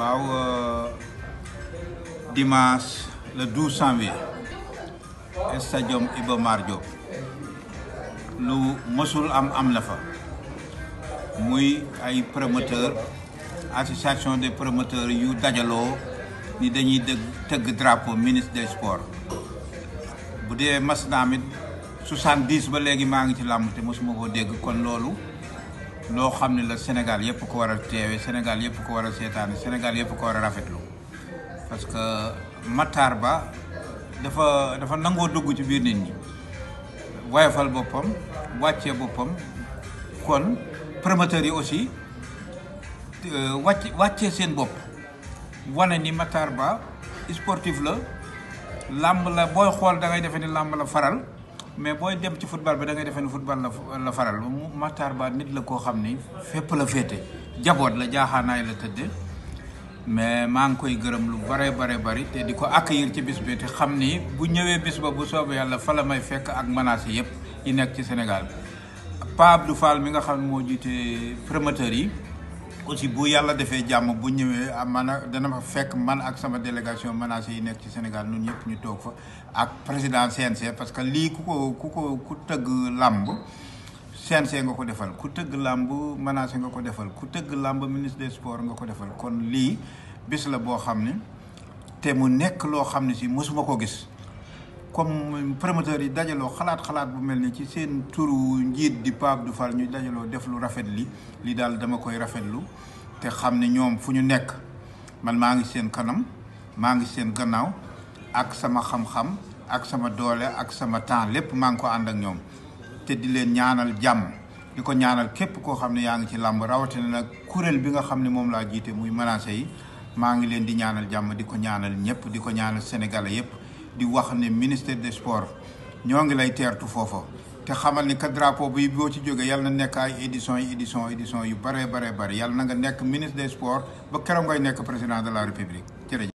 waaw euh, dimanche le 12 janvier stadium Iba Mar Diop lu mësul am am na fa muy ay promoteur association des promoteurs yu dajaloo ni dañuy dëgg tëgg drapeau ministre des sports bu dee mas naa mit 70 ba léegi maa ngi ci làmb te mosuma koo dégg kon loolu loo xam ne la Sénégal yëpp ko war a teewe Sénégal yëpp ko war a seetaane Sénégal yëpp ko war a rafetlu parce que Matar Ba dafa dafa nangoo dugg ci biir nit ñi woyofal boppam wàccee boppam kon promoteurs yi aussi euh, wàcc wàccee seen bopp wane ni Matar Ba sportif la làmb la booy xool dangay defe ni làmb la faral mais booy dem ci football bi da ngay defee ne football la la faral Matar Ba nit la koo xam ni fépp la féete jaboot la jaaxaanaay la tëdde mais maa ngi koy gërëm lu bare bare bari te di ko accueillir ci bis bi te xam ni bu ñëwee bis ba bu soobee yàlla fa la may fekk ak menaces yëpp yi nekk ci Sénégal Pape Abdou Fall mi nga xam moo jiite promoteurs yi. aussi bu yàlla defee jàmm bu ñëwee ah, man dana ma fekk man ak sama délégation menacé yi nekk ci Sénégal ñun ñëpp ñu toog fa ak président CNC parce que lii ku ko ku ko ku tëgg làmb CNC nga ko defal ku tëgg làmb menacé nga ko defal ku tëgg làmb ministre des sports nga ko defal kon lii bis la boo xam ne te mu nekk loo xam ne si mosuma ko gis comme promoteurs yi dajaloo xalaat xalaat bu mel ni ci seen turu njiit di Pape du far ñu dajaloo def lu rafet li li daal dama koy rafetlu te xam ne ñoom fu ñu nekk man maa ngi seen kanam maa ngi seen gannaaw ak sama xam-xam ak sama doole ak sama temps lépp maa ngi ko ànd ak ñoom te di leen ñaanal jàmm di ko ñaanal képp koo xam ne yaa ngi ci làmb rawatina nag kuréel bi nga xam ne moom laa jiite muy menacé yi maa ngi leen di ñaanal jàmm di ko ñaanal ñëpp di ko ñaanal sénégalais yëpp. di wax ne ministère des sports ñoo ngi lay teertu foofa te xamal ni kat drapo bi boo ci jógee yàlla na nekk ay édition yi édition édition yu bare bare bare yal na nga nekk ministre des sports ba keroog ngay nekk président de la république jërëjëf